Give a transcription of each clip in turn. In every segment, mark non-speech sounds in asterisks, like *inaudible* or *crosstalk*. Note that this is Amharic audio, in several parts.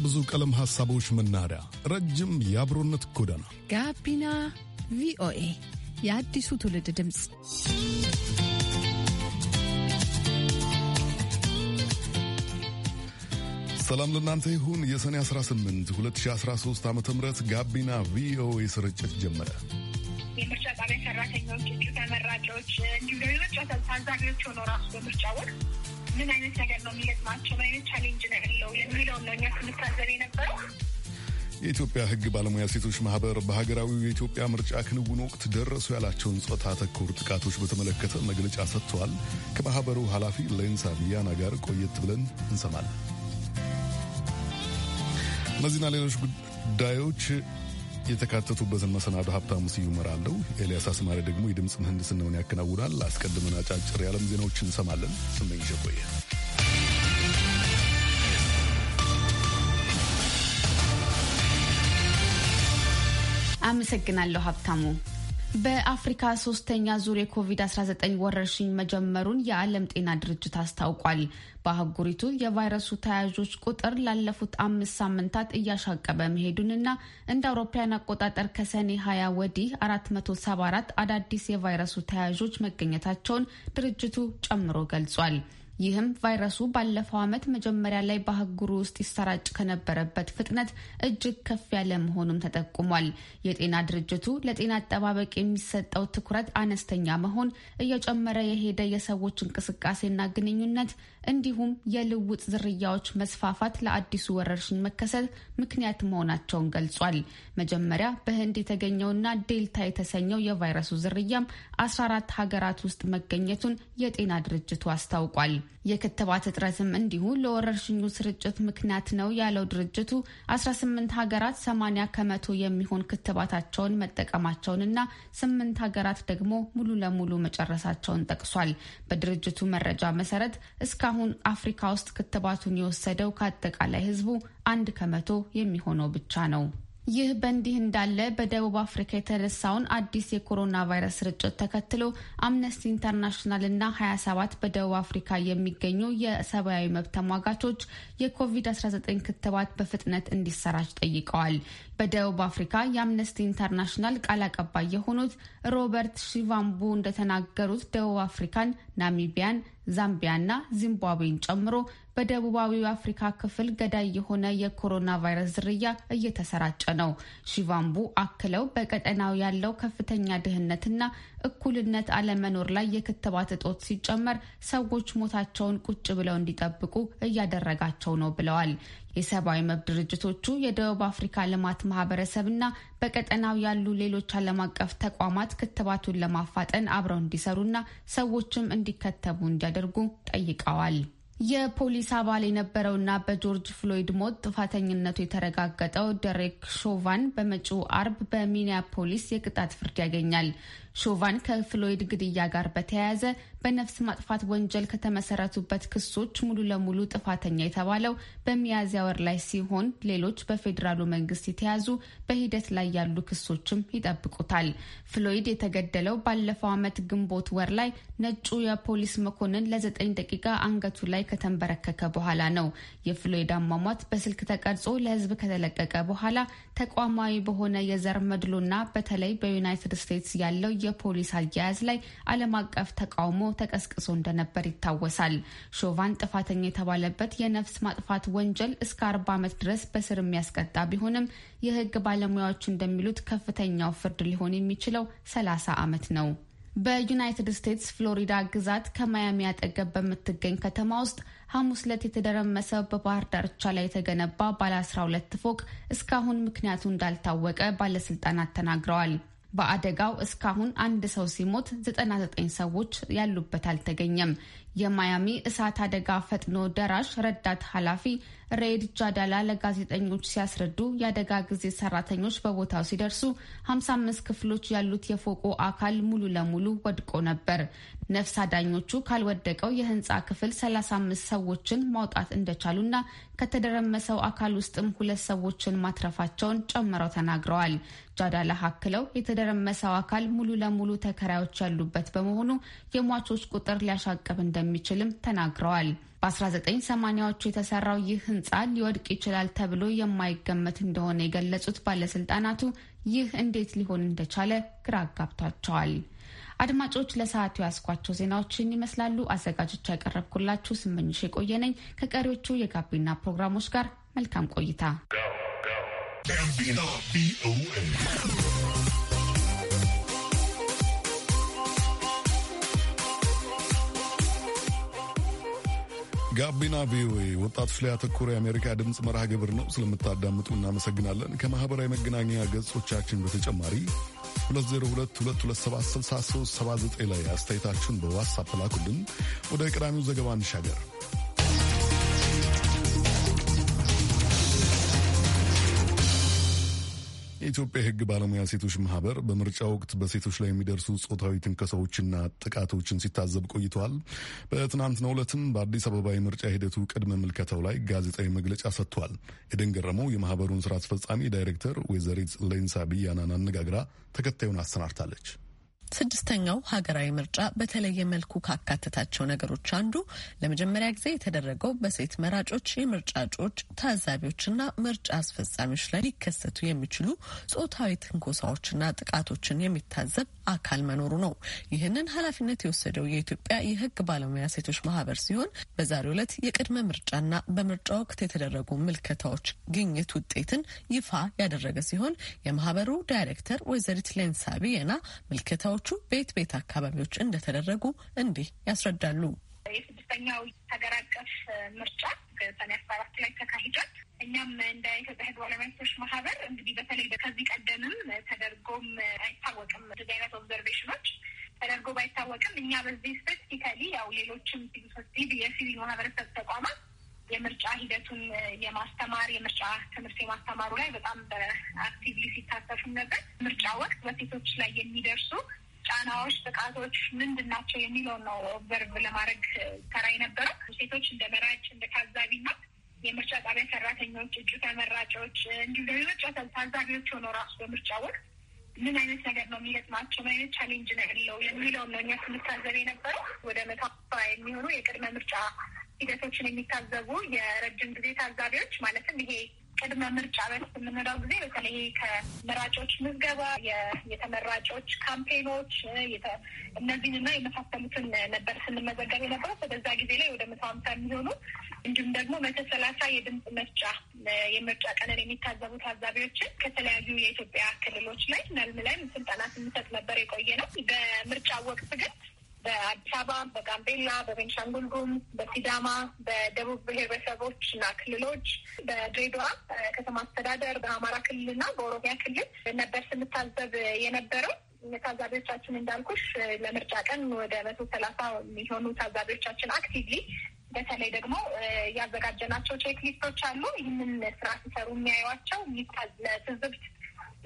ባለብዙ ቀለም ሐሳቦች መናኸሪያ፣ ረጅም የአብሮነት ጎዳና ጋቢና ቪኦኤ የአዲሱ ትውልድ ድምፅ። ሰላም ለእናንተ ይሁን። የሰኔ 18 2013 ዓ ም ጋቢና ቪኦኤ ስርጭት ጀመረ። የምርጫ ጣቢያ ሰራተኞች፣ እጩ ተመራጮች እንዲሁም ሌሎች ታዛቢዎች ሆኖ ራሱ በምርጫ ወቅት ምን አይነት ነገር ነው የሚገጥማቸው፣ ምን አይነት ቻሌንጅ ነው ያለው የሚለውን ነው እኛ ስንታዘብ የነበረው። የኢትዮጵያ ሕግ ባለሙያ ሴቶች ማህበር በሀገራዊው የኢትዮጵያ ምርጫ ክንውን ወቅት ደረሱ ያላቸውን ጾታ ተኮር ጥቃቶች በተመለከተ መግለጫ ሰጥተዋል። ከማህበሩ ኃላፊ ሌንሳ ቪያና ጋር ቆየት ብለን እንሰማለን። እነዚህና ሌሎች ጉዳዮች የተካተቱበትን መሰናዶ ሀብታሙ ስዩም እመራለሁ። ኤልያስ አስማሪ ደግሞ የድምፅ ምህንድስናውን ያከናውናል። አስቀድመን አጫጭር የዓለም ዜናዎች እንሰማለን። ስመኝ ሸቆየ አመሰግናለሁ ሀብታሙ። በአፍሪካ ሶስተኛ ዙር የኮቪድ-19 ወረርሽኝ መጀመሩን የዓለም ጤና ድርጅት አስታውቋል። በአህጉሪቱ የቫይረሱ ተያያዦች ቁጥር ላለፉት አምስት ሳምንታት እያሻቀበ መሄዱንና እንደ አውሮፓውያን አቆጣጠር ከሰኔ 20 ወዲህ 474 አዳዲስ የቫይረሱ ተያያዦች መገኘታቸውን ድርጅቱ ጨምሮ ገልጿል። ይህም ቫይረሱ ባለፈው ዓመት መጀመሪያ ላይ በአህጉሩ ውስጥ ይሰራጭ ከነበረበት ፍጥነት እጅግ ከፍ ያለ መሆኑም ተጠቁሟል። የጤና ድርጅቱ ለጤና አጠባበቅ የሚሰጠው ትኩረት አነስተኛ መሆን፣ እየጨመረ የሄደ የሰዎች እንቅስቃሴና ግንኙነት እንዲሁም የልውጥ ዝርያዎች መስፋፋት ለአዲሱ ወረርሽኝ መከሰት ምክንያት መሆናቸውን ገልጿል። መጀመሪያ በህንድ የተገኘውና ዴልታ የተሰኘው የቫይረሱ ዝርያም 14 ሀገራት ውስጥ መገኘቱን የጤና ድርጅቱ አስታውቋል። የክትባት እጥረትም እንዲሁ ለወረርሽኙ ስርጭት ምክንያት ነው ያለው ድርጅቱ 18 ሀገራት 80 ከመቶ የሚሆን ክትባታቸውን መጠቀማቸውንና ስምንት ሀገራት ደግሞ ሙሉ ለሙሉ መጨረሳቸውን ጠቅሷል። በድርጅቱ መረጃ መሰረት እስካሁን አፍሪካ ውስጥ ክትባቱን የወሰደው ከአጠቃላይ ሕዝቡ አንድ ከመቶ የሚሆነው ብቻ ነው። ይህ በእንዲህ እንዳለ በደቡብ አፍሪካ የተነሳውን አዲስ የኮሮና ቫይረስ ስርጭት ተከትሎ አምነስቲ ኢንተርናሽናል እና 27 በደቡብ አፍሪካ የሚገኙ የሰብአዊ መብት ተሟጋቾች የኮቪድ-19 ክትባት በፍጥነት እንዲሰራጭ ጠይቀዋል። በደቡብ አፍሪካ የአምነስቲ ኢንተርናሽናል ቃል አቀባይ የሆኑት ሮበርት ሺቫምቡ እንደተናገሩት ደቡብ አፍሪካን፣ ናሚቢያን ዛምቢያና ዚምባብዌን ጨምሮ በደቡባዊው አፍሪካ ክፍል ገዳይ የሆነ የኮሮና ቫይረስ ዝርያ እየተሰራጨ ነው። ሺቫምቡ አክለው በቀጠናው ያለው ከፍተኛ ድህነትና እኩልነት አለመኖር ላይ የክትባት እጦት ሲጨመር ሰዎች ሞታቸውን ቁጭ ብለው እንዲጠብቁ እያደረጋቸው ነው ብለዋል። የሰብአዊ መብት ድርጅቶቹ የደቡብ አፍሪካ ልማት ማህበረሰብና በቀጠናው ያሉ ሌሎች ዓለም አቀፍ ተቋማት ክትባቱን ለማፋጠን አብረው እንዲሰሩና ሰዎችም እንዲከተቡ እንዲያደርጉ ጠይቀዋል። የፖሊስ አባል የነበረውና በጆርጅ ፍሎይድ ሞት ጥፋተኝነቱ የተረጋገጠው ደሬክ ሾቫን በመጪው አርብ በሚኒያፖሊስ የቅጣት ፍርድ ያገኛል። ሾቫን ከፍሎይድ ግድያ ጋር በተያያዘ በነፍስ ማጥፋት ወንጀል ከተመሰረቱበት ክሶች ሙሉ ለሙሉ ጥፋተኛ የተባለው በሚያዝያ ወር ላይ ሲሆን ሌሎች በፌዴራሉ መንግስት የተያዙ በሂደት ላይ ያሉ ክሶችም ይጠብቁታል። ፍሎይድ የተገደለው ባለፈው ዓመት ግንቦት ወር ላይ ነጩ የፖሊስ መኮንን ለዘጠኝ ደቂቃ አንገቱ ላይ ከተንበረከከ በኋላ ነው። የፍሎይድ አሟሟት በስልክ ተቀርጾ ለህዝብ ከተለቀቀ በኋላ ተቋማዊ በሆነ የዘር መድሎና በተለይ በዩናይትድ ስቴትስ ያለው የፖሊስ አያያዝ ላይ ዓለም አቀፍ ተቃውሞ ተቀስቅሶ እንደነበር ይታወሳል። ሾቫን ጥፋተኛ የተባለበት የነፍስ ማጥፋት ወንጀል እስከ አርባ ዓመት ድረስ በስር የሚያስቀጣ ቢሆንም የህግ ባለሙያዎች እንደሚሉት ከፍተኛው ፍርድ ሊሆን የሚችለው ሰላሳ ዓመት ነው። በዩናይትድ ስቴትስ ፍሎሪዳ ግዛት ከማያሚ አጠገብ በምትገኝ ከተማ ውስጥ ሐሙስ ዕለት የተደረመሰ በባህር ዳርቻ ላይ የተገነባ ባለ 12 ፎቅ እስካሁን ምክንያቱ እንዳልታወቀ ባለስልጣናት ተናግረዋል። በአደጋው እስካሁን አንድ ሰው ሲሞት 99 ሰዎች ያሉበት አልተገኘም። የማያሚ እሳት አደጋ ፈጥኖ ደራሽ ረዳት ኃላፊ ሬድ ጃዳላ ለጋዜጠኞች ሲያስረዱ የአደጋ ጊዜ ሰራተኞች በቦታው ሲደርሱ 55 ክፍሎች ያሉት የፎቁ አካል ሙሉ ለሙሉ ወድቆ ነበር። ነፍስ አዳኞቹ ካልወደቀው የህንፃ ክፍል 35 ሰዎችን ማውጣት እንደቻሉና ከተደረመሰው አካል ውስጥም ሁለት ሰዎችን ማትረፋቸውን ጨምረው ተናግረዋል። ጃዳ አክለው የተደረመሰው አካል ሙሉ ለሙሉ ተከራዮች ያሉበት በመሆኑ የሟቾች ቁጥር ሊያሻቅብ እንደሚችልም ተናግረዋል። በ1980ዎቹ የተሰራው ይህ ህንፃ ሊወድቅ ይችላል ተብሎ የማይገመት እንደሆነ የገለጹት ባለስልጣናቱ ይህ እንዴት ሊሆን እንደቻለ ግራ አጋብቷቸዋል። አድማጮች ለሰዓቱ ያስኳቸው ዜናዎችን ይመስላሉ። አዘጋጆች ያቀረብኩላችሁ ስመኝሽ የቆየነኝ ከቀሪዎቹ የጋቢና ፕሮግራሞች ጋር መልካም ቆይታ ጋቢና ቪኦኤ ጋቢና ቪኦኤ ወጣቶች ላይ ያተኮረ የአሜሪካ ድምፅ መርሃ ግብር ነው። ስለምታዳምጡ እናመሰግናለን። ከማኅበራዊ መገናኛ ገጾቻችን በተጨማሪ 2022276379 ላይ አስተያየታችሁን በዋትሳፕ ላኩልን። ወደ ቀዳሚው ዘገባ እንሻገር። የኢትዮጵያ የሕግ ባለሙያ ሴቶች ማህበር በምርጫ ወቅት በሴቶች ላይ የሚደርሱ ጾታዊ ትንከሳዎችና ጥቃቶችን ሲታዘብ ቆይተዋል። በትናንትናው ዕለትም በአዲስ አበባ የምርጫ ሂደቱ ቅድመ ምልከታው ላይ ጋዜጣዊ መግለጫ ሰጥቷል። ኤደን ገረመው የማህበሩን ስራ አስፈጻሚ ዳይሬክተር ወይዘሪት ሌንሳ ብያናን አነጋግራ ተከታዩን አሰናድታለች። ስድስተኛው ሀገራዊ ምርጫ በተለየ መልኩ ካካተታቸው ነገሮች አንዱ ለመጀመሪያ ጊዜ የተደረገው በሴት መራጮች፣ የምርጫ እጩዎች፣ ታዛቢዎችና ምርጫ አስፈጻሚዎች ላይ ሊከሰቱ የሚችሉ ጾታዊ ትንኮሳዎችና ጥቃቶችን የሚታዘብ አካል መኖሩ ነው። ይህንን ኃላፊነት የወሰደው የኢትዮጵያ የሕግ ባለሙያ ሴቶች ማህበር ሲሆን በዛሬው ዕለት የቅድመ ምርጫና በምርጫ ወቅት የተደረጉ ምልከታዎች ግኝት ውጤትን ይፋ ያደረገ ሲሆን የማህበሩ ዳይሬክተር ወይዘሪት ሌንሳ ቢየና ምልከታዎች ስብሰባዎቹ ቤት ቤት አካባቢዎች እንደተደረጉ እንዲህ ያስረዳሉ። የስድስተኛው ሀገር አቀፍ ምርጫ ሰኔ አስራ አራት ላይ ተካሂዷል። እኛም እንደ ኢትዮጵያ ሕግ ባለሙያዎች ማህበር እንግዲህ በተለይ ከዚህ ቀደምም ተደርጎም አይታወቅም እንደዚህ አይነት ኦብዘርቬሽኖች ተደርጎ ባይታወቅም እኛ በዚህ ስፔሲፊካሊ ያው ሌሎችም ሲቪል የሲቪል ማህበረሰብ ተቋማት የምርጫ ሂደቱን የማስተማር የምርጫ ትምህርት የማስተማሩ ላይ በጣም በአክቲቭሊ ሲታሰፉ ነበር። ምርጫ ወቅት በሴቶች ላይ የሚደርሱ ጫናዎች፣ ጥቃቶች ምንድን ናቸው የሚለውን ነው ኦብዘርቭ ለማድረግ ተራ የነበረው። ሴቶች እንደ መራጭ፣ እንደ ታዛቢና የምርጫ ጣቢያ ሰራተኞች፣ እጩ ተመራጮች እንዲሁም ደግሞ ታዛቢዎች ሆኖ ራሱ በምርጫ ወቅት ምን አይነት ነገር ነው የሚገጥማቸው፣ ምን አይነት ቻሌንጅ ነው ያለው የሚለውን ነው እኛ ስንታዘብ የነበረው። ወደ መቶ የሚሆኑ የቅድመ ምርጫ ሂደቶችን የሚታዘቡ የረጅም ጊዜ ታዛቢዎች ማለትም ይሄ ቅድመ ምርጫ በፊት የምንለው ጊዜ በተለይ ከመራጮች ምዝገባ፣ የተመራጮች ካምፔኖች እነዚህን እና የመሳሰሉትን ነበር ስንመዘገብ የነበረው። በዛ ጊዜ ላይ ወደ መቶ ሀምሳ የሚሆኑ እንዲሁም ደግሞ መቶ ሰላሳ የድምፅ መስጫ የምርጫ ቀንን የሚታዘቡ ታዛቢዎችን ከተለያዩ የኢትዮጵያ ክልሎች ላይ መልምለን ስልጠና ስንሰጥ ነበር የቆየ ነው። በምርጫ ወቅት ግን በአዲስ አበባ፣ በጋምቤላ፣ በቤንሻንጉል ጉሙዝ፣ በሲዳማ፣ በደቡብ ብሔረሰቦች እና ክልሎች፣ በድሬዳዋ ከተማ አስተዳደር፣ በአማራ ክልል እና በኦሮሚያ ክልል ነበር ስንታዘብ የነበረው። ታዛቢዎቻችን እንዳልኩሽ ለምርጫ ቀን ወደ መቶ ሰላሳ የሚሆኑ ታዛቢዎቻችን አክቲቭሊ በተለይ ደግሞ ያዘጋጀናቸው ቼክ ሊስቶች አሉ። ይህንን ስራ ሲሰሩ የሚያዩዋቸው ለትዝብት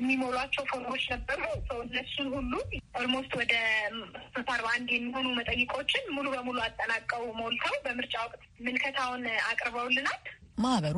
የሚሞሏቸው ፎርሞች ነበሩ። እነሱን ሁሉ ኦልሞስት ወደ አርባ አንድ የሚሆኑ መጠይቆችን ሙሉ በሙሉ አጠናቀው ሞልተው በምርጫ ወቅት ምልከታውን አቅርበውልናል። ማህበሩ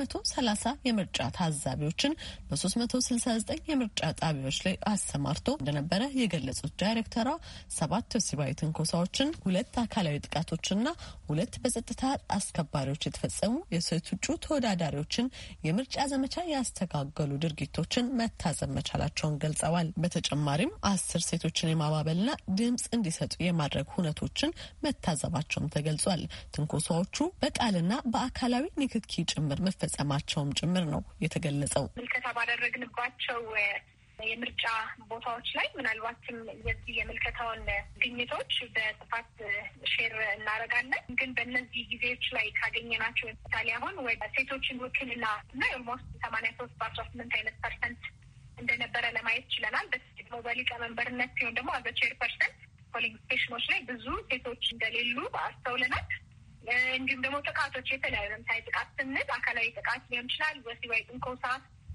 130 የምርጫ ታዛቢዎችን በ369 የምርጫ ጣቢያዎች ላይ አሰማርቶ እንደነበረ የገለጹት ዳይሬክተሯ ሰባት ወሲባዊ ትንኮሳዎችን፣ ሁለት አካላዊ ጥቃቶችና ሁለት በጸጥታ አስከባሪዎች የተፈጸሙ የሴት ውጩ ተወዳዳሪዎችን የምርጫ ዘመቻ ያስተጋገሉ ድርጊቶችን መታዘብ መቻላቸውን ገልጸዋል። በተጨማሪም አስር ሴቶችን የማባበልና ድምፅ እንዲሰጡ የማድረግ ሁነቶችን መታዘባቸውም ተገልጿል። ትንኮሳዎቹ በቃልና በአካላዊ ንክኪ ጭምር መፈጸማቸውም ጭምር ነው የተገለጸው። ምልከታ ባደረግንባቸው የምርጫ ቦታዎች ላይ ምናልባትም የዚህ የምልከታውን ግኝቶች በስፋት ሼር እናደርጋለን። ግን በእነዚህ ጊዜዎች ላይ ካገኘናቸው ምሳሌ አሁን ወይ ሴቶችን ውክልና እና ኦልሞስት ሰማንያ ሶስት በአስራ ስምንት አይነት ፐርሰንት እንደነበረ ለማየት ችለናል። በስሞ በሊቀመንበርነት ሲሆን ደግሞ አዘ ቼር ፐርሰንት ፖሊንግ ስቴሽኖች ላይ ብዙ ሴቶች እንደሌሉ አስተውለናል። እንዲሁም ደግሞ ጥቃቶች የተለያዩ ለምሳሌ ጥቃት ስንል አካላዊ ጥቃት ሊሆን ይችላል፣ ወሲባዊ ትንኮሳ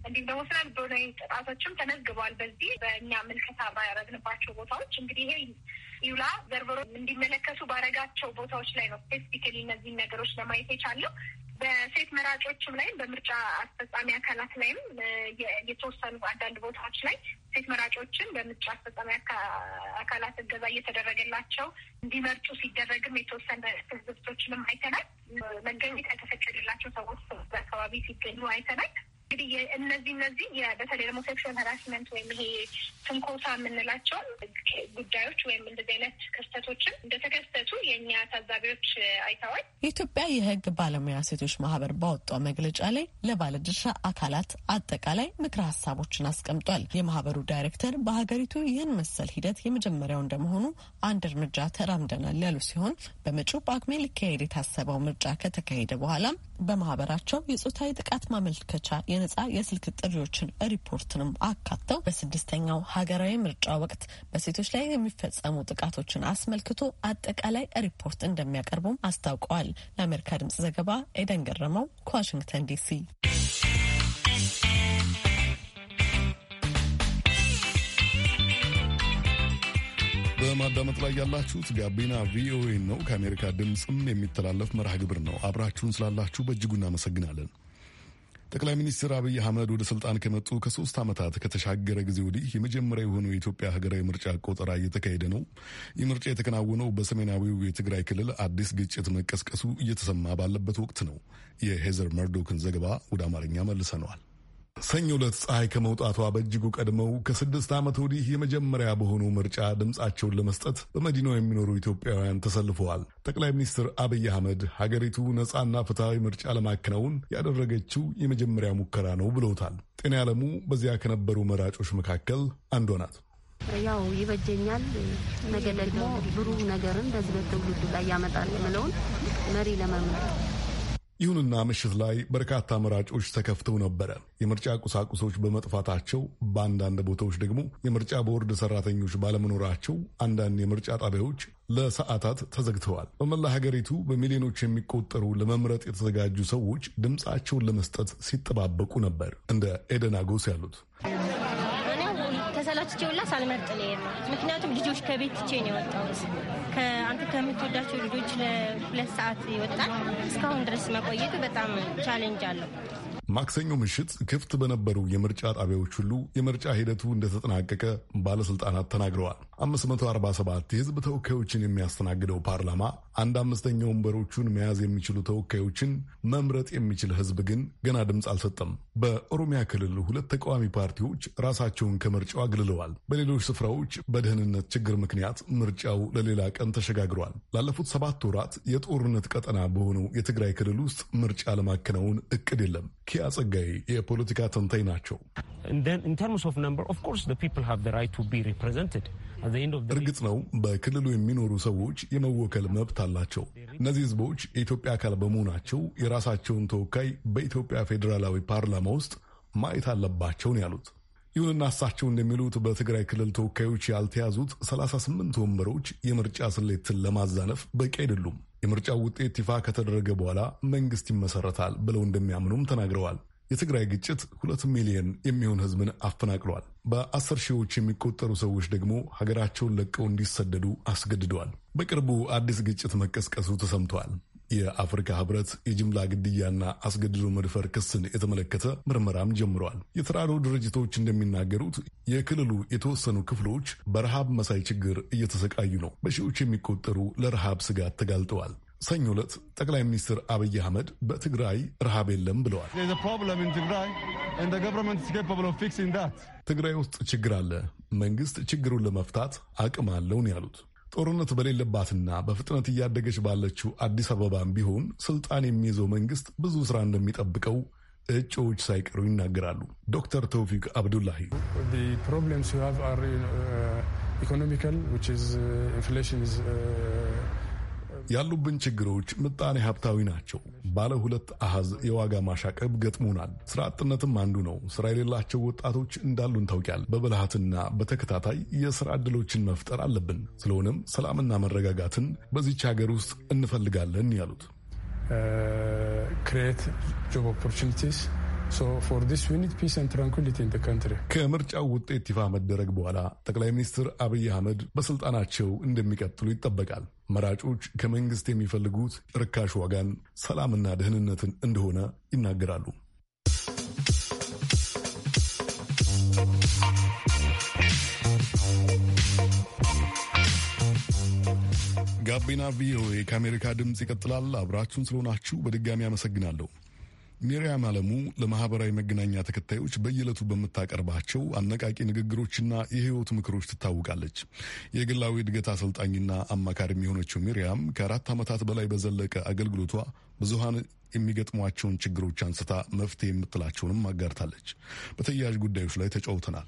እንዲሁም ደግሞ ስነ ልቦናዊ ጥቃቶችም ተመዝግበዋል። በዚህ በእኛ ምልከታ ባያረግንባቸው ቦታዎች እንግዲህ ይሄ ዩላ ዘርበሮ እንዲመለከቱ ባረጋቸው ቦታዎች ላይ ነው ስፔሲፊካሊ እነዚህን ነገሮች ለማየት የቻለው። በሴት መራጮችም ላይም በምርጫ አስፈጻሚ አካላት ላይም የተወሰኑ አንዳንድ ቦታዎች ላይ ሴት መራጮችን በምርጫ አስፈጻሚ አካላት እገዛ እየተደረገላቸው እንዲመርጡ ሲደረግም የተወሰነ ትዝብቶችንም አይተናል። መገኘት ያልተፈቀደላቸው ሰዎች በአካባቢ ሲገኙ አይተናል። እንግዲህ እነዚህ እነዚህ በተለይ ደግሞ ሴክሹዋል ሀራስመንት ወይም ይሄ ትንኮሳ የምንላቸውን ጉዳዮች ወይም እንደዚህ አይነት ክስተቶችን እንደተከሰቱ የእኛ ታዛቢዎች አይተዋል። የኢትዮጵያ የህግ ባለሙያ ሴቶች ማህበር ባወጣው መግለጫ ላይ ለባለድርሻ አካላት አጠቃላይ ምክረ ሀሳቦችን አስቀምጧል። የማህበሩ ዳይሬክተር በሀገሪቱ ይህን መሰል ሂደት የመጀመሪያው እንደመሆኑ አንድ እርምጃ ተራምደናል ያሉ ሲሆን በመጪው በጳጉሜ ሊካሄድ የታሰበው ምርጫ ከተካሄደ በኋላም በማህበራቸው የጾታዊ ጥቃት ማመልከቻ የነጻ የስልክ ጥሪዎችን ሪፖርትንም አካተው በስድስተኛው ሀገራዊ ምርጫ ወቅት በሴቶች ላይ የሚፈጸሙ ጥቃቶችን አስመልክቶ አጠቃላይ ሪፖርት እንደሚያቀርቡም አስታውቀዋል። ለአሜሪካ ድምጽ ዘገባ ኤደን ገረመው ከዋሽንግተን ዲሲ። በማዳመጥ ላይ ያላችሁት ጋቢና ቪኦኤ ነው። ከአሜሪካ ድምፅም የሚተላለፍ መርሃ ግብር ነው። አብራችሁን ስላላችሁ በእጅጉ እናመሰግናለን። ጠቅላይ ሚኒስትር አብይ አህመድ ወደ ስልጣን ከመጡ ከሶስት ዓመታት ከተሻገረ ጊዜ ወዲህ የመጀመሪያ የሆነው የኢትዮጵያ ሀገራዊ ምርጫ ቆጠራ እየተካሄደ ነው። ይህ ምርጫ የተከናወነው በሰሜናዊው የትግራይ ክልል አዲስ ግጭት መቀስቀሱ እየተሰማ ባለበት ወቅት ነው። የሄዘር መርዶክን ዘገባ ወደ አማርኛ መልሰነዋል። ሰኞ ዕለት ፀሐይ ከመውጣቷ በእጅጉ ቀድመው ከስድስት ዓመት ወዲህ የመጀመሪያ በሆኑ ምርጫ ድምፃቸውን ለመስጠት በመዲናው የሚኖሩ ኢትዮጵያውያን ተሰልፈዋል። ጠቅላይ ሚኒስትር አብይ አህመድ ሀገሪቱ ነፃና ፍትሐዊ ምርጫ ለማከናወን ያደረገችው የመጀመሪያ ሙከራ ነው ብለውታል። ጤና ያለሙ በዚያ ከነበሩ መራጮች መካከል አንዷ ናት። ያው ይበጀኛል፣ ነገ ደግሞ ብሩህ ነገርን በዚህ በትውልዱ ላይ ያመጣል የምለውን መሪ ለመምረጥ ይሁንና ምሽት ላይ በርካታ መራጮች ተከፍተው ነበረ። የምርጫ ቁሳቁሶች በመጥፋታቸው፣ በአንዳንድ ቦታዎች ደግሞ የምርጫ ቦርድ ሰራተኞች ባለመኖራቸው አንዳንድ የምርጫ ጣቢያዎች ለሰዓታት ተዘግተዋል። በመላ ሀገሪቱ በሚሊዮኖች የሚቆጠሩ ለመምረጥ የተዘጋጁ ሰዎች ድምፃቸውን ለመስጠት ሲጠባበቁ ነበር። እንደ ኤደን አጎስ ያሉት ተሰላችቼውላ ሳልመርጥ ነው ምክንያቱም ልጆች ከቤት ትቼ ነው የወጣሁት። ከአንተ ከምትወዳቸው ልጆች ለሁለት ሰዓት ይወጣል። እስካሁን ድረስ መቆየቱ በጣም ቻሌንጅ አለው። ማክሰኞ ምሽት ክፍት በነበሩ የምርጫ ጣቢያዎች ሁሉ የምርጫ ሂደቱ እንደተጠናቀቀ ባለስልጣናት ተናግረዋል። 547 የህዝብ ተወካዮችን የሚያስተናግደው ፓርላማ አንድ አምስተኛ ወንበሮቹን መያዝ የሚችሉ ተወካዮችን መምረጥ የሚችል ህዝብ ግን ገና ድምፅ አልሰጠም። በኦሮሚያ ክልል ሁለት ተቃዋሚ ፓርቲዎች ራሳቸውን ከምርጫው አግልለዋል። በሌሎች ስፍራዎች በደህንነት ችግር ምክንያት ምርጫው ለሌላ ቀን ተሸጋግሯል። ላለፉት ሰባት ወራት የጦርነት ቀጠና በሆነው የትግራይ ክልል ውስጥ ምርጫ ለማከናወን እቅድ የለም። ኪያ ጸጋዬ የፖለቲካ ተንታኝ ናቸው። እርግጥ ነው በክልሉ የሚኖሩ ሰዎች የመወከል መብት አላቸው። እነዚህ ህዝቦች የኢትዮጵያ አካል በመሆናቸው የራሳቸውን ተወካይ በኢትዮጵያ ፌዴራላዊ ፓርላማ ውስጥ ማየት አለባቸው ነው ያሉት። ይሁንና እሳቸው እንደሚሉት በትግራይ ክልል ተወካዮች ያልተያዙት 38 ወንበሮች የምርጫ ስሌትን ለማዛነፍ በቂ አይደሉም። የምርጫው ውጤት ይፋ ከተደረገ በኋላ መንግስት ይመሰረታል ብለው እንደሚያምኑም ተናግረዋል። የትግራይ ግጭት ሁለት ሚሊዮን የሚሆን ህዝብን አፈናቅሏል። በአስር ሺዎች የሚቆጠሩ ሰዎች ደግሞ ሀገራቸውን ለቀው እንዲሰደዱ አስገድደዋል። በቅርቡ አዲስ ግጭት መቀስቀሱ ተሰምተዋል። የአፍሪካ ህብረት የጅምላ ግድያና አስገድዶ መድፈር ክስን የተመለከተ ምርመራም ጀምሯል። የተራድኦ ድርጅቶች እንደሚናገሩት የክልሉ የተወሰኑ ክፍሎች በረሃብ መሳይ ችግር እየተሰቃዩ ነው። በሺዎች የሚቆጠሩ ለረሃብ ስጋት ተጋልጠዋል። ሰኞ ዕለት ጠቅላይ ሚኒስትር አብይ አህመድ በትግራይ ረሃብ የለም ብለዋል። ትግራይ ውስጥ ችግር አለ፣ መንግስት ችግሩን ለመፍታት አቅም አለውን ያሉት ጦርነት በሌለባትና በፍጥነት እያደገች ባለችው አዲስ አበባም ቢሆን ስልጣን የሚይዘው መንግስት ብዙ ስራ እንደሚጠብቀው እጩዎች ሳይቀሩ ይናገራሉ። ዶክተር ተውፊቅ አብዱላሂ ኢኮኖሚካል ኢንፍሌሽን ያሉብን ችግሮች ምጣኔ ሀብታዊ ናቸው። ባለ ሁለት አሃዝ የዋጋ ማሻቀብ ገጥሞናል። ስራ አጥነትም አንዱ ነው። ስራ የሌላቸው ወጣቶች እንዳሉን ታውቂያል። በብልሃትና በተከታታይ የስራ ዕድሎችን መፍጠር አለብን። ስለሆነም ሰላምና መረጋጋትን በዚች ሀገር ውስጥ እንፈልጋለን ያሉት ክሬት ጆብ ኦፖርቹኒቲስ ከምርጫው ውጤት ይፋ መደረግ በኋላ ጠቅላይ ሚኒስትር አብይ አህመድ በስልጣናቸው እንደሚቀጥሉ ይጠበቃል። መራጮች ከመንግስት የሚፈልጉት ርካሽ ዋጋን፣ ሰላምና ደህንነትን እንደሆነ ይናገራሉ። ጋቢና ቪኦኤ ከአሜሪካ ድምፅ ይቀጥላል። አብራችሁን ስለሆናችሁ በድጋሚ አመሰግናለሁ። ሚሪያም አለሙ ለማህበራዊ መገናኛ ተከታዮች በየዕለቱ በምታቀርባቸው አነቃቂ ንግግሮችና የህይወት ምክሮች ትታወቃለች። የግላዊ እድገት አሰልጣኝና አማካሪም የሆነችው ሚሪያም ከአራት ዓመታት በላይ በዘለቀ አገልግሎቷ ብዙሃን የሚገጥሟቸውን ችግሮች አንስታ መፍትሄ የምትላቸውንም አጋርታለች። በተያያዥ ጉዳዮች ላይ ተጫውተናል።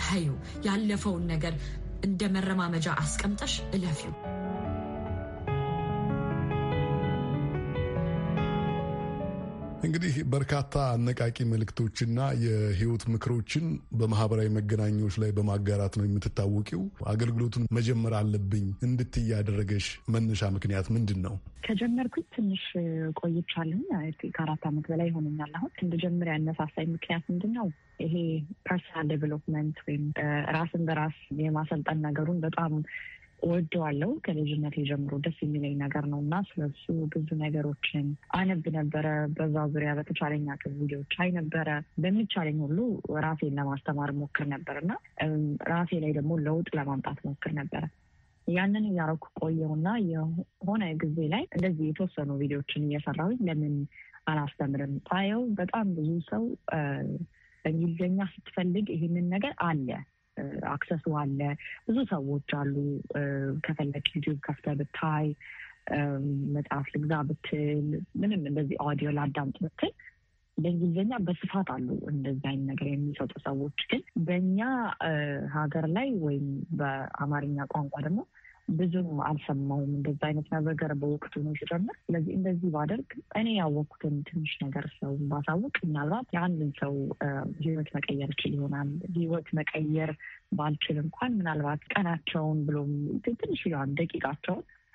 ታዩ ያለፈውን ነገር እንደ መረማመጃ አስቀምጠሽ እለፊው። እንግዲህ በርካታ አነቃቂ መልእክቶችና የህይወት ምክሮችን በማህበራዊ መገናኛዎች ላይ በማጋራት ነው የምትታወቂው። አገልግሎቱን መጀመር አለብኝ እንድት ያደረገሽ መነሻ ምክንያት ምንድን ነው? ከጀመርኩኝ ትንሽ ቆይቻለሁ። ከአራት ዓመት በላይ ይሆነኛል። አሁን እንድጀምር ያነሳሳኝ ምክንያት ምንድን ነው? ይሄ ፐርሰናል ዴቨሎፕመንት ወይም ራስን በራስ የማሰልጠን ነገሩን በጣም ወደዋለው ከልጅነት ጀምሮ ደስ የሚለኝ ነገር ነው እና ስለሱ ብዙ ነገሮችን አነብ ነበረ። በዛ ዙሪያ በተቻለኛ አቅም ቪዲዮች አይ ነበረ። በሚቻለኝ ሁሉ ራሴን ለማስተማር ሞክር ነበር እና ራሴ ላይ ደግሞ ለውጥ ለማምጣት ሞክር ነበረ። ያንን እያረኩ እና የሆነ ጊዜ ላይ እንደዚህ የተወሰኑ ቪዲዮችን እየሰራሁኝ ለምን አላስተምርም ሳየው በጣም ብዙ ሰው በእንግሊዝኛ ስትፈልግ ይህንን ነገር አለ አክሰሱ አለ። ብዙ ሰዎች አሉ። ከፈለግ ዩቲዩብ ከፍተህ ብታይ፣ መጽሐፍ ልግዛ ብትል፣ ምንም እንደዚህ ኦዲዮ ላዳምጥ ብትል በእንግሊዝኛ በስፋት አሉ እንደዚህ አይነት ነገር የሚሰጡ ሰዎች። ግን በእኛ ሀገር ላይ ወይም በአማርኛ ቋንቋ ደግሞ ብዙም አልሰማውም። እንደዛ አይነት ነገር በወቅቱ ነው ሲጀምር። ስለዚህ እንደዚህ ባደርግ እኔ ያወቅኩትን ትንሽ ነገር ሰው ባሳውቅ ምናልባት የአንድን ሰው ህይወት መቀየር ችል ይሆናል። ህይወት መቀየር ባልችል እንኳን ምናልባት ቀናቸውን ብሎም ትንሽ ያን ደቂቃቸውን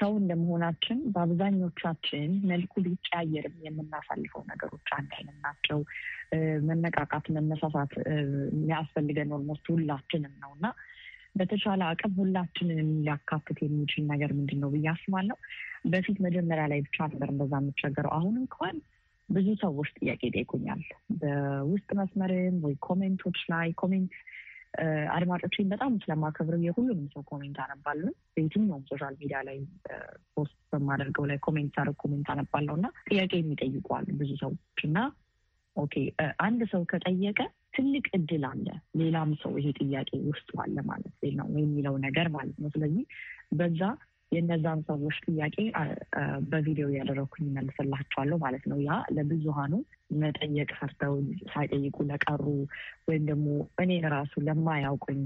ሰው እንደመሆናችን በአብዛኞቻችን መልኩ ሊቀያየርም የምናሳልፈው ነገሮች አንድ አይነት ናቸው። መነቃቃት፣ መነሳሳት የሚያስፈልገን ኦልሞስት ሁላችንም ነው እና በተቻለ አቅም ሁላችንን ሊያካትት የሚችል ነገር ምንድን ነው ብዬ አስባለሁ። በፊት መጀመሪያ ላይ ብቻ ነበር እንደዛ የምቸገረው። አሁን እንኳን ብዙ ሰዎች ጥያቄ ጠይቁኛል፣ በውስጥ መስመርም ወይ ኮሜንቶች ላይ ኮሜንት አድማጮችን በጣም ስለማከብረው የሁሉንም ሰው ኮሜንት አነባለሁ። በየትኛውም ሶሻል ሚዲያ ላይ ፖስት በማደርገው ላይ ኮሜንት ሳደርግ ኮሜንት አነባለሁ እና ጥያቄ የሚጠይቋል ብዙ ሰዎች እና ኦኬ አንድ ሰው ከጠየቀ ትልቅ እድል አለ ሌላም ሰው ይሄ ጥያቄ ውስጡ አለ ማለት ነው የሚለው ነገር ማለት ነው። ስለዚህ በዛ የእነዛን ሰዎች ጥያቄ በቪዲዮ ያደረግኩኝ መልስላቸዋለሁ ማለት ነው። ያ ለብዙሃኑ መጠየቅ ፈርተው ሳይጠይቁ ለቀሩ ወይም ደግሞ እኔ ራሱ ለማያውቁኝ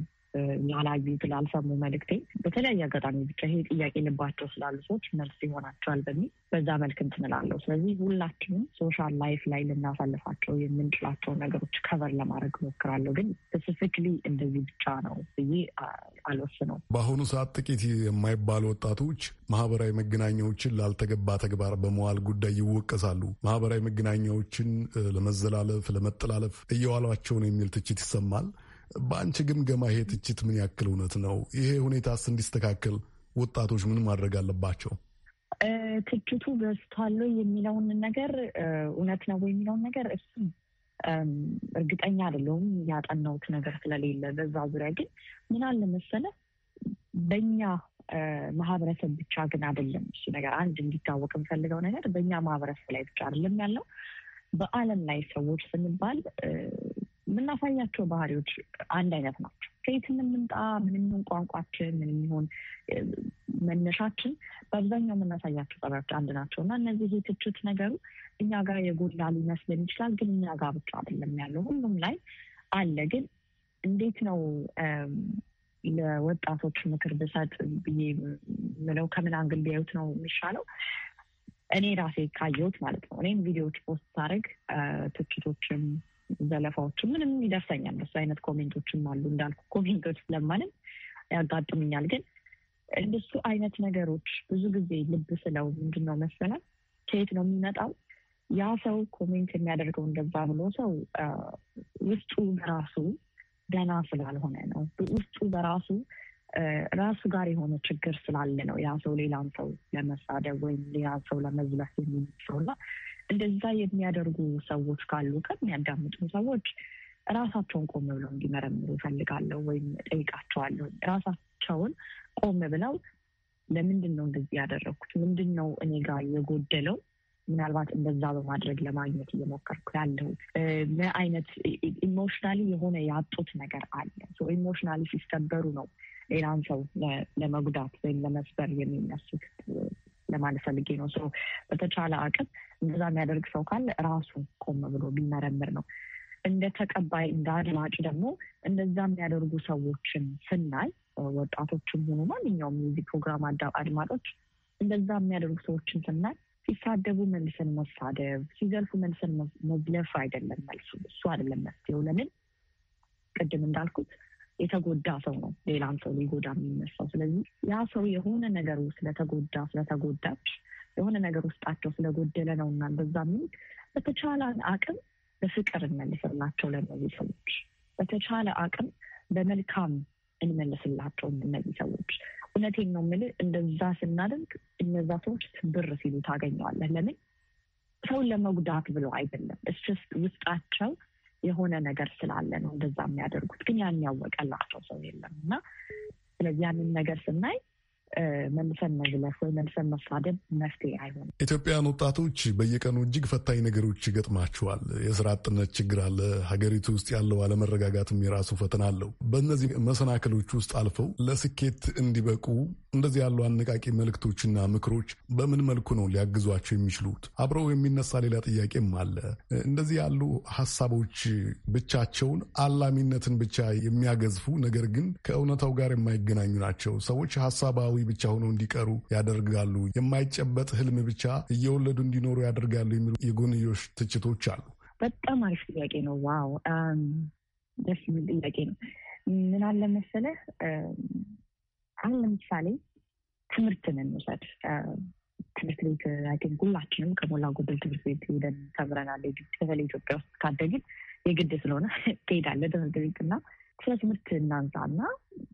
ላላዩት ላልሰሙ መልእክቴ በተለያየ አጋጣሚ ብቻ ይሄ ጥያቄ ልባቸው ስላሉ ሰዎች መልስ ይሆናቸዋል በሚል በዛ መልክ እንትንላለሁ ስለዚህ ሁላችንም ሶሻል ላይፍ ላይ ልናሳልፋቸው የምንችላቸው ነገሮች ከበር ለማድረግ እሞክራለሁ። ግን ስፔሲፊክሊ እንደዚህ ብቻ ነው ብዬ አልወስነው። በአሁኑ ሰዓት ጥቂት የማይባሉ ወጣቶች ማህበራዊ መገናኛዎችን ላልተገባ ተግባር በመዋል ጉዳይ ይወቀሳሉ። ማህበራዊ መገናኛዎችን ለመዘላለፍ፣ ለመጠላለፍ እየዋሏቸው ነው የሚል ትችት ይሰማል። በአንቺ ግምገማ ይሄ ትችት ምን ያክል እውነት ነው? ይሄ ሁኔታስ እንዲስተካከል ወጣቶች ምን ማድረግ አለባቸው? ትችቱ በዝቷል የሚለውን ነገር እውነት ነው የሚለውን ነገር እሱም እርግጠኛ አይደለሁም ያጠናሁት ነገር ስለሌለ በዛ ዙሪያ ግን ምን አለ መሰለህ በእኛ ማህበረሰብ ብቻ ግን አይደለም እሱ ነገር አንድ እንዲታወቅ የምፈልገው ነገር በእኛ ማህበረሰብ ላይ ብቻ አይደለም ያለው በአለም ላይ ሰዎች ስንባል የምናሳያቸው ባህሪዎች አንድ አይነት ናቸው። ከየት የምንምጣ ምንም ይሁን ቋንቋችን፣ ምንም ይሁን መነሻችን በአብዛኛው የምናሳያቸው ጠባዮች አንድ ናቸው እና እነዚህ የትችት ነገሩ እኛ ጋር የጎላ ሊመስልን ይችላል፣ ግን እኛ ጋር ብቻ አይደለም ያለው ሁሉም ላይ አለ። ግን እንዴት ነው ለወጣቶች ምክር ብሰጥ ብዬ ምለው ከምን አንግል ቢያዩት ነው የሚሻለው? እኔ ራሴ ካየሁት ማለት ነው። እኔም ቪዲዮዎች ፖስት ሳደርግ ትችቶችም ዘለፋዎችም ምንም ይደርሰኛል። እንደሱ አይነት ኮሜንቶችም አሉ እንዳልኩ ኮሜንቶች ስለማንም ያጋጥምኛል። ግን እንደሱ አይነት ነገሮች ብዙ ጊዜ ልብ ስለው ምንድነው መሰላል ከየት ነው የሚመጣው? ያ ሰው ኮሜንት የሚያደርገው እንደዛ ብሎ ሰው ውስጡ በራሱ ደህና ስላልሆነ ነው። ውስጡ በራሱ ራሱ ጋር የሆነ ችግር ስላለ ነው ያ ሰው ሌላን ሰው ለመሳደብ ወይም ሌላ ሰው ለመዝለፍ የሚሰውና እንደዛ የሚያደርጉ ሰዎች ካሉ ከሚያዳምጡ ሰዎች ራሳቸውን ቆም ብለው እንዲመረምሩ እፈልጋለሁ ወይም ጠይቃቸዋለሁ። ራሳቸውን ቆም ብለው ለምንድን ነው እንደዚህ ያደረግኩት? ምንድን ነው እኔ ጋር የጎደለው? ምናልባት እንደዛ በማድረግ ለማግኘት እየሞከርኩ ያለሁት ምን አይነት ኢሞሽናሊ የሆነ ያጡት ነገር አለ? ኢሞሽናሊ ሲስተበሩ ነው ሌላን ሰው ለመጉዳት ወይም ለመስበር የሚነሱት ለማለት ፈልጌ ነው። በተቻለ አቅም እንደዛ የሚያደርግ ሰው ካለ ራሱ ቆም ብሎ ቢመረምር ነው። እንደ ተቀባይ እንደ አድማጭ ደግሞ እንደዛ የሚያደርጉ ሰዎችን ስናይ ወጣቶችም ሆኑ ማንኛውም የዚህ ፕሮግራም አድማጮች እንደዛ የሚያደርጉ ሰዎችን ስናይ ሲሳደቡ መልስን መሳደብ፣ ሲዘልፉ መልስን መዝለፍ አይደለም መልሱ። እሱ አይደለም መፍትሄው። ለምን ቅድም እንዳልኩት የተጎዳ ሰው ነው ሌላን ሰው ሊጎዳ የሚነሳው። ስለዚህ ያ ሰው የሆነ ነገር ስለተጎዳ ስለተጎዳች የሆነ ነገር ውስጣቸው ስለጎደለ ነው እና በዛ ሚል በተቻለ አቅም በፍቅር እንመልስላቸው ለእነዚህ ሰዎች በተቻለ አቅም በመልካም እንመልስላቸው እነዚህ ሰዎች። እውነቴን ነው የምልህ፣ እንደዛ ስናደርግ እነዛ ሰዎች ትብር ሲሉ ታገኘዋለህ። ለምን ሰውን ለመጉዳት ብለው አይደለም፣ እስስ ውስጣቸው የሆነ ነገር ስላለ ነው እንደዛ የሚያደርጉት። ግን ያን ያወቀላቸው ሰው የለም እና ስለዚህ ያንን ነገር ስናይ መልሰን መዝለፍ ወይ መልሰን መሳደብ መፍትሄ አይሆንም። ኢትዮጵያን ወጣቶች በየቀኑ እጅግ ፈታኝ ነገሮች ይገጥማቸዋል። የስራ አጥነት ችግር አለ። ሀገሪቱ ውስጥ ያለው አለመረጋጋትም የራሱ ፈተና አለው። በእነዚህ መሰናክሎች ውስጥ አልፈው ለስኬት እንዲበቁ እንደዚህ ያሉ አነቃቂ መልእክቶችና ምክሮች በምን መልኩ ነው ሊያግዟቸው የሚችሉት? አብረው የሚነሳ ሌላ ጥያቄም አለ። እንደዚህ ያሉ ሀሳቦች ብቻቸውን አላሚነትን ብቻ የሚያገዝፉ ነገር ግን ከእውነታው ጋር የማይገናኙ ናቸው። ሰዎች ሀሳባዊ ብቻ ሆነው እንዲቀሩ ያደርጋሉ። የማይጨበጥ ህልም ብቻ እየወለዱ እንዲኖሩ ያደርጋሉ የሚሉ የጎንዮሽ ትችቶች አሉ። በጣም አሪፍ ጥያቄ ነው። ዋው ደስ የሚል ጥያቄ ነው። ምን አለ መሰለህ፣ አሁን ለምሳሌ ትምህርትን እንውሰድ። ትምህርት ቤት አይን ሁላችንም ከሞላ ጎደል ትምህርት ቤት ሄደን ተምረናል። በተለይ ኢትዮጵያ ውስጥ ካደግን የግድ ስለሆነ *laughs* ትሄዳለህ ትምህርት ቤት እና ስለ ትምህርት እና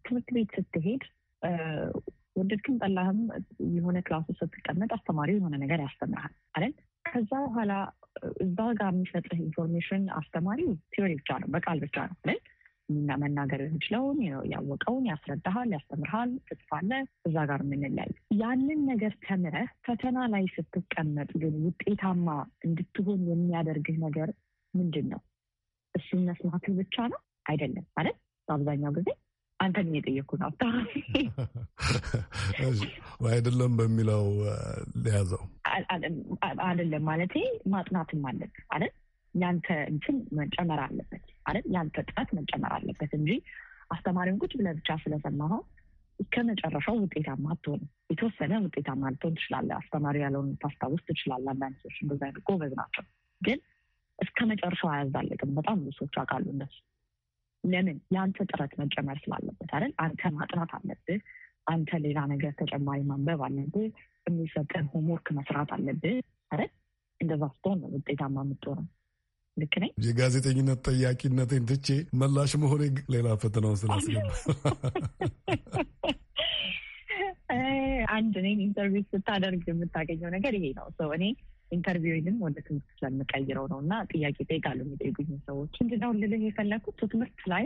ትምህርት ቤት ስትሄድ ወደድክም ጠላህም የሆነ ክላስ ውስጥ ስትቀመጥ አስተማሪው የሆነ ነገር ያስተምርሃል አይደል? ከዛ በኋላ እዛ ጋር የሚሰጥህ ኢንፎርሜሽን አስተማሪው ቲዮሪ ብቻ ነው፣ በቃል ብቻ ነው አይደል? መናገር የምችለውን ያወቀውን ያስረዳሃል፣ ያስተምርሃል፣ ትጽፋለህ። እዛ ጋር የምንለያዩ ያንን ነገር ተምረህ ፈተና ላይ ስትቀመጥ ግን ውጤታማ እንድትሆን የሚያደርግህ ነገር ምንድን ነው? እሱን መስማትህ ብቻ ነው አይደለም ማለት በአብዛኛው ጊዜ አንተን እየጠየኩ ነው። አይደለም በሚለው ሊያዘው አይደለም ማለት ማጥናትም አለብህ አይደል? ያንተ እንትን መጨመር አለበት አይደል? ያንተ ጥረት መጨመር አለበት እንጂ አስተማሪውን ቁጭ ብለህ ብቻ ስለሰማኸው እስከ መጨረሻው ውጤታማ አትሆን። የተወሰነ ውጤታማ ልትሆን ትችላለህ። አስተማሪ ያለውን ታስታውስ ትችላለህ። አንዳንድ ሰዎች አይነት ጎበዝ ናቸው፣ ግን እስከ መጨረሻው አያዛለቅም። በጣም ብዙ ሰዎች አውቃለሁ እንደሱ ለምን ለአንተ ጥረት መጨመር ስላለበት አይደል? አንተ ማጥናት አለብህ። አንተ ሌላ ነገር ተጨማሪ ማንበብ አለብህ። የሚሰጠን ሆምወርክ መስራት አለብህ አይደል? እንደዛ ስትሆን ነው ውጤታማ የምትሆነው። ልክ ነኝ። የጋዜጠኝነት ጠያቂነትን ትቼ መላሽ መሆኔ ሌላ ፈተናው ስላስገባ *laughs* አንድ እኔን ኢንተርቪው ስታደርግ የምታገኘው ነገር ይሄ ነው። ሰው እኔ ኢንተርቪውንም ወደ ትምህርት ስለምቀይረው ነው እና ጥያቄ ጠይቃሉ የሚጠይቁኝ ሰዎች። ምንድነው ልልህ የፈለግኩት ትምህርት ላይ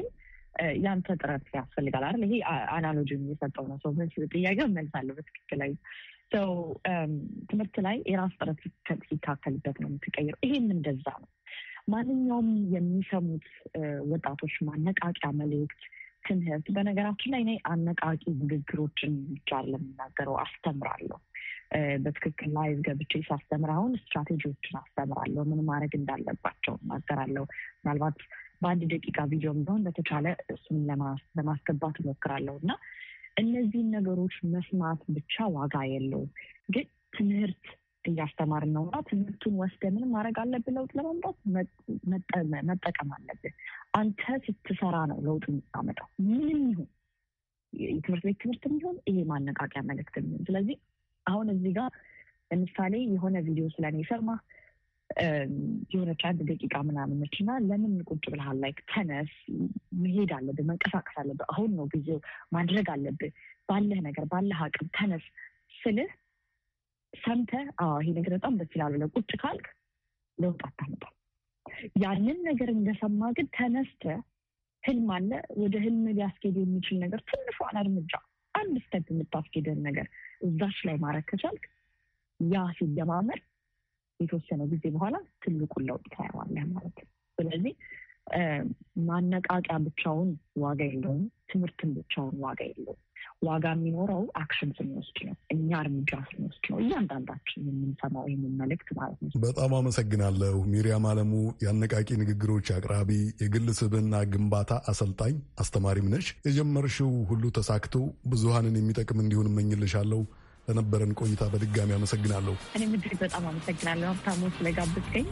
ያንተ ጥረት ያስፈልጋል አይደል? ይሄ አናሎጂ የሚሰጠው ነው ሰው ጥያቄ መልሳለሁ በትክክል ሰው ትምህርት ላይ የራስ ጥረት ሲካከልበት ነው የምትቀይረው። ይሄም እንደዛ ነው። ማንኛውም የሚሰሙት ወጣቶች ማነቃቂያ መልእክት ትምህርት በነገራችን ላይ እኔ አነቃቂ ንግግሮችን ብቻ ለምናገረው አስተምራለሁ። በትክክል ላይ ገብቼ ሳስተምር አሁን ስትራቴጂዎችን አስተምራለሁ። ምን ማድረግ እንዳለባቸው እናገራለሁ። ምናልባት በአንድ ደቂቃ ቪዲዮ ቢሆን በተቻለ እሱን ለማስገባት እሞክራለሁ እና እነዚህን ነገሮች መስማት ብቻ ዋጋ የለውም ግን ትምህርት እያስተማር ነው እና ትምህርቱን ወስደ ምን ማድረግ አለብን? ለውጥ ለመምጣት መጠቀም አለብን። አንተ ስትሰራ ነው ለውጥ የምታመጣው። ምንም ይሁን የትምህርት ቤት ትምህርት የሚሆን ይሄ ማነቃቂያ መልእክት የሚሆን ስለዚህ አሁን እዚህ ጋር ለምሳሌ የሆነ ቪዲዮ ስለኔ ሸርማ የሆነች አንድ ደቂቃ ምናምኖች እና ለምን ቁጭ ብለሃል? ላይክ ተነስ፣ መሄድ አለብህ፣ መንቀሳቀስ አለብህ። አሁን ነው ጊዜው፣ ማድረግ አለብህ፣ ባለህ ነገር ባለህ አቅም ተነስ ስልህ ሰምተህ ይሄ ነገር በጣም ደስ ይላል ብለህ ቁጭ ካልክ ለውጥ አታመጣም። ያንን ነገር እንደሰማ ግን ተነስተህ ህልም አለ፣ ወደ ህልም ሊያስኬድ የሚችል ነገር ትንሿን እርምጃ አንድ ስተግ የምታስኬደን ነገር እዛች ላይ ማድረግ ከቻልክ ያ ሲለማመር የተወሰነ ጊዜ በኋላ ትልቁን ለውጥ ታየዋለህ ማለት ነው። ስለዚህ ማነቃቂያ ብቻውን ዋጋ የለውም፣ ትምህርትን ብቻውን ዋጋ የለውም። ዋጋ የሚኖረው አክሽን ስንወስድ ነው። እኛ እርምጃ ስንወስድ ነው። እያንዳንዳችን የምንሰማው ይህንን መልእክት ማለት ነው። በጣም አመሰግናለሁ። ሚሪያም አለሙ የአነቃቂ ንግግሮች አቅራቢ፣ የግል ስብዕና ግንባታ አሰልጣኝ፣ አስተማሪም ነሽ። የጀመርሽው ሁሉ ተሳክቶ ብዙሃንን የሚጠቅም እንዲሆን እመኝልሻለሁ። ለነበረን ቆይታ በድጋሚ አመሰግናለሁ። እኔም እጅግ በጣም አመሰግናለሁ ሀብታሙ ስለጋበዝከኝ።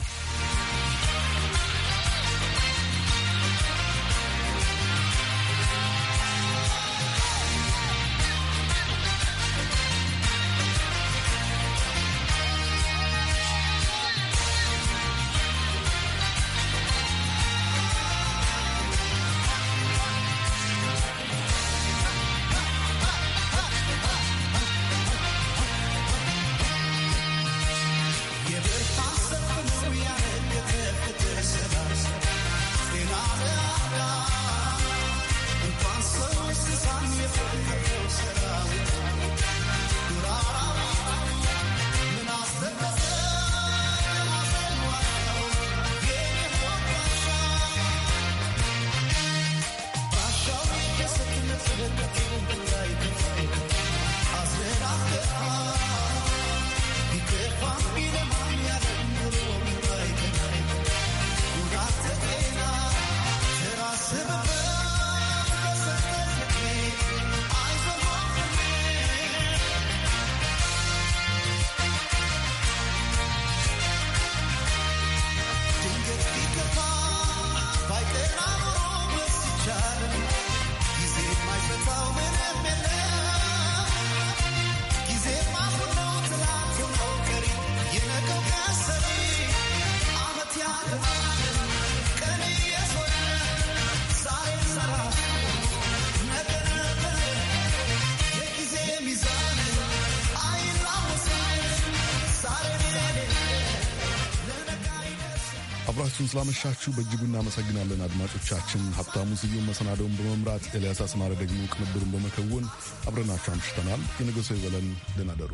አብራችሁን ስላመሻችሁ በእጅጉ እናመሰግናለን አድማጮቻችን። ሀብታሙ ስዩም መሰናደውን በመምራት ኤልያስ አስማረ ደግሞ ቅንብሩን በመከወን አብረናችሁ አምሽተናል። የነገ ሰው ይበለን። ደህና ደሩ።